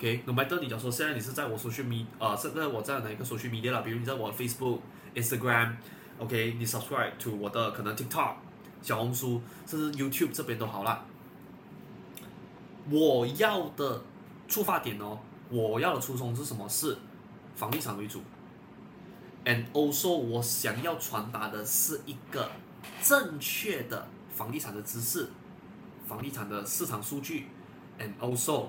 OK，no、okay, matter。你假如說現在你是在我 social media，呃，現在我在哪一個 social media 了？比如你在我的 Facebook Instagram，OK，okay, 你 subscribe to 我的可能 TikTok 小紅書，甚至 YouTube 這邊都好啦。我要的出發點哦，我要的初衷是什麼？是房地產為主，and also 我想要傳達的是一個正確的房地產的知識，房地產的市場數據，and also。